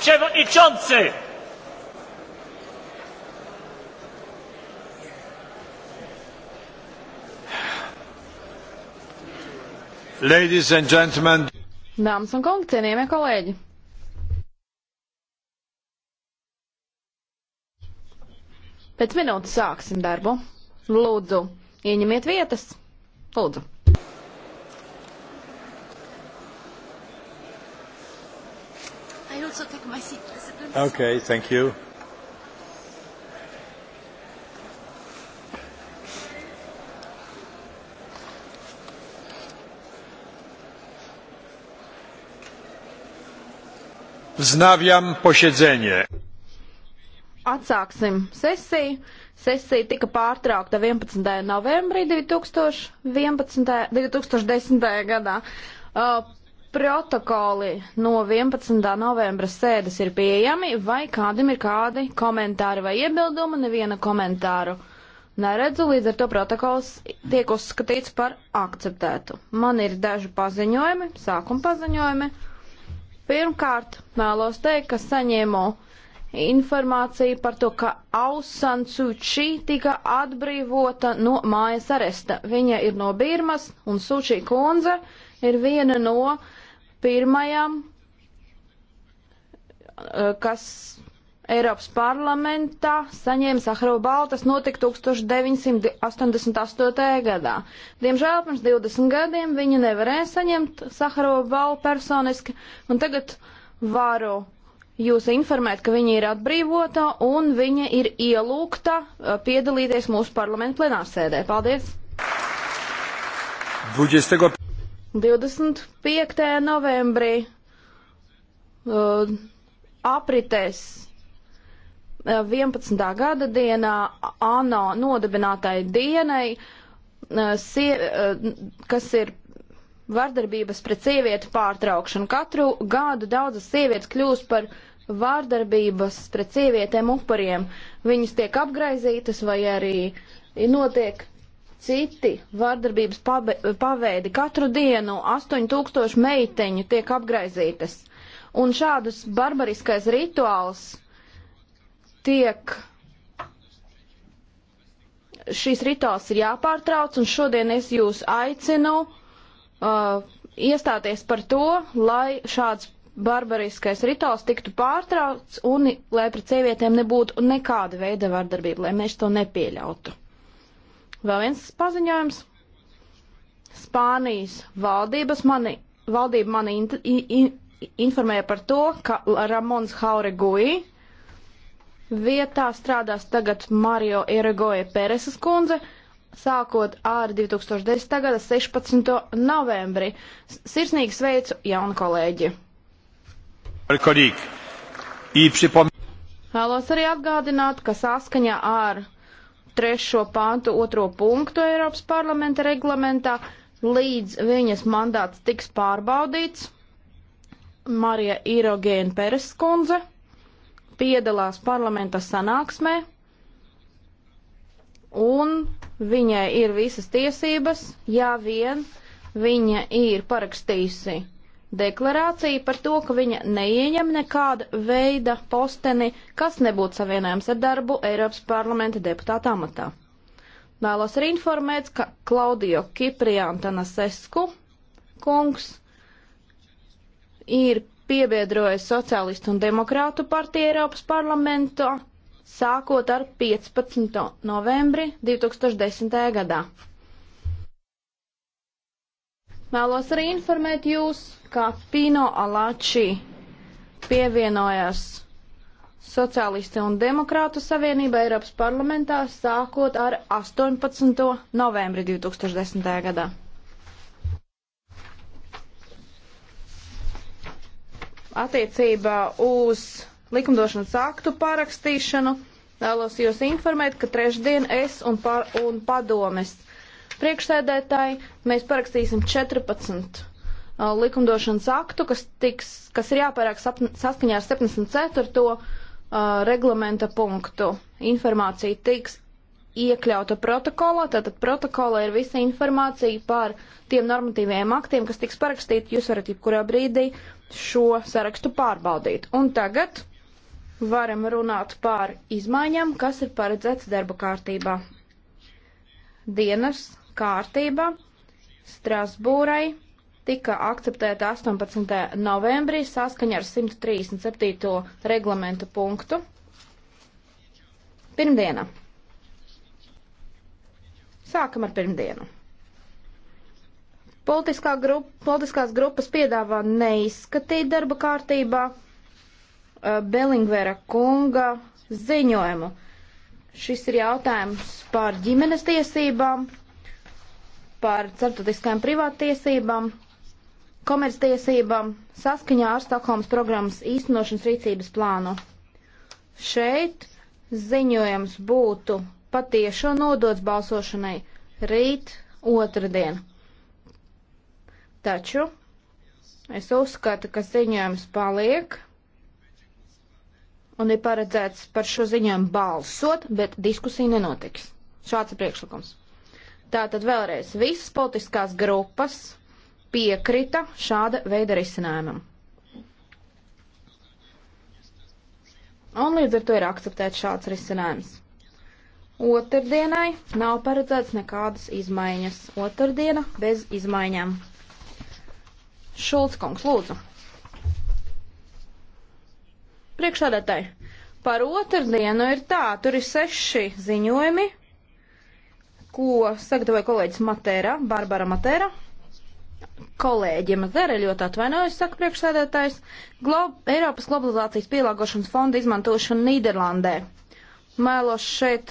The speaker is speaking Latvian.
przewodniczący! Ladies and gentlemen. Dāmas un kungi, cienījamie kolēģi! Pēc minūtes sāksim darbu. Lūdzu, ieņemiet vietas. Lūdzu. also take my seat. Okay, thank you. Wznawiam posiedzenie. Atsāksim sesiju. Sesija tika pārtraukta 11. novembrī 2011. 2010. gadā. Uh, Protokoli no 11. novembra sēdes ir pieejami, vai kādam ir kādi komentāri vai iebildumi, neviena komentāru neredzu, līdz ar to protokols tiek uzskatīts par akceptētu. Man ir daži paziņojumi, sākuma paziņojumi. Pirmkārt, vēlos teikt, ka saņēmu informāciju par to, ka Ausan Suči tika atbrīvota no mājas aresta. Viņa ir no Birmas un Suči kundze ir viena no pirmajam, eh, kas Eiropas parlamentā saņēma Sahrova balvu, tas notika 1988. gadā. Diemžēl pirms 20 gadiem viņa nevarēja saņemt Sahrova balvu personiski, un tagad varu jūs informēt, ka viņa ir atbrīvota un viņa ir ielūgta eh, piedalīties mūsu parlamentu plenārsēdē. Paldies! 20. 25. novembrī uh, apritēs 11. Uh, gada dienā ANO nodibinātai dienai, uh, sie, uh, kas ir vardarbības pret sievietu pārtraukšana. Katru gadu daudzas sievietes kļūst par vārdarbības pret sievietēm upuriem. Viņas tiek apgraizītas vai arī notiek citi vardarbības paveidi. Katru dienu 8000 meiteņu tiek apgraizītas. Un šādus barbariskais rituāls tiek. Šīs rituāls ir jāpārtrauc, un šodien es jūs aicinu uh, iestāties par to, lai šāds barbariskais rituāls tiktu pārtraucts un lai pret sievietēm nebūtu nekāda veida vardarbība, lai mēs to nepieļautu. Vēl viens paziņojums. Spānijas valdības mani, valdība mani in, in, informēja par to, ka Ramons Hauregui vietā strādās tagad Mario Iregoja Pereses kundze, sākot ar 2010. gada 16. novembri. Sirsnīgi sveicu jaunu kolēģi! Vēlos arī atgādināt, ka saskaņā ar trešo pāntu otro punktu Eiropas parlamenta reglamentā, līdz viņas mandāts tiks pārbaudīts. Marija Irogēna Pereskundze piedalās parlamenta sanāksmē, un viņai ir visas tiesības, ja vien viņa ir parakstījusi deklarāciju par to, ka viņa neieņem nekāda veida posteni, kas nebūtu savienojams ar darbu Eiropas parlamenta deputāta amatā. Vēlos arī informēt, ka Klaudijo Kipriāntana Sesku kungs ir piebiedrojas Socialistu un Demokrātu partija Eiropas parlamentā sākot ar 15. novembri 2010. gadā. Mēlos arī informēt jūs, ka Pino Alači pievienojās Sociālisti un Demokrātu Savienība Eiropas parlamentā sākot ar 18. novembri 2010. gadā. Attiecībā uz likumdošanas aktu parakstīšanu vēlos jūs informēt, ka trešdien es un, par, un padomes priekšsēdētāji, mēs parakstīsim 14 likumdošanas aktu, kas, tiks, kas ir jāpērāk saskaņā ar 74. Uh, reglamenta punktu. Informācija tiks iekļauta protokolā, tātad protokolā ir visa informācija par tiem normatīviem aktiem, kas tiks parakstīti. Jūs varat jebkurā brīdī šo sarakstu pārbaudīt. Un tagad varam runāt par izmaiņām, kas ir paredzēts darba kārtībā. Dienas kārtība Strasbūrai tika akceptēta 18. novembrī saskaņā ar 137. reglamentu punktu. Pirmdiena. Sākam ar pirmdienu. Politiskā grupa, politiskās grupas piedāvā neizskatīt darba kārtībā uh, Belingvera kunga ziņojumu. Šis ir jautājums par ģimenes tiesībām par starptautiskajām privātiesībām, komerctiesībām saskaņā ar Stokholmas programmas īstenošanas rīcības plānu. Šeit ziņojums būtu patiešo nodots balsošanai rīt otrdien. Taču es uzskatu, ka ziņojums paliek un ir paredzēts par šo ziņojumu balsot, bet diskusija nenotiks. Šāds ir priekšlikums. Tātad vēlreiz visas politiskās grupas piekrita šāda veida risinājumam. Un līdz ar to ir akceptēts šāds risinājums. Otrdienai nav paredzēts nekādas izmaiņas. Otrdiena bez izmaiņām. Šulc kungs, lūdzu. Priekšādātāji, par otrdienu ir tā, tur ir seši ziņojumi, ko sagatavoja kolēģis Matēra, Barbara Matēra. Kolēģiem Zere ļoti atvainojas, saka priekšsēdētājs, Glob Eiropas globalizācijas pielāgošanas fonda izmantošana Nīderlandē. Mēlos šeit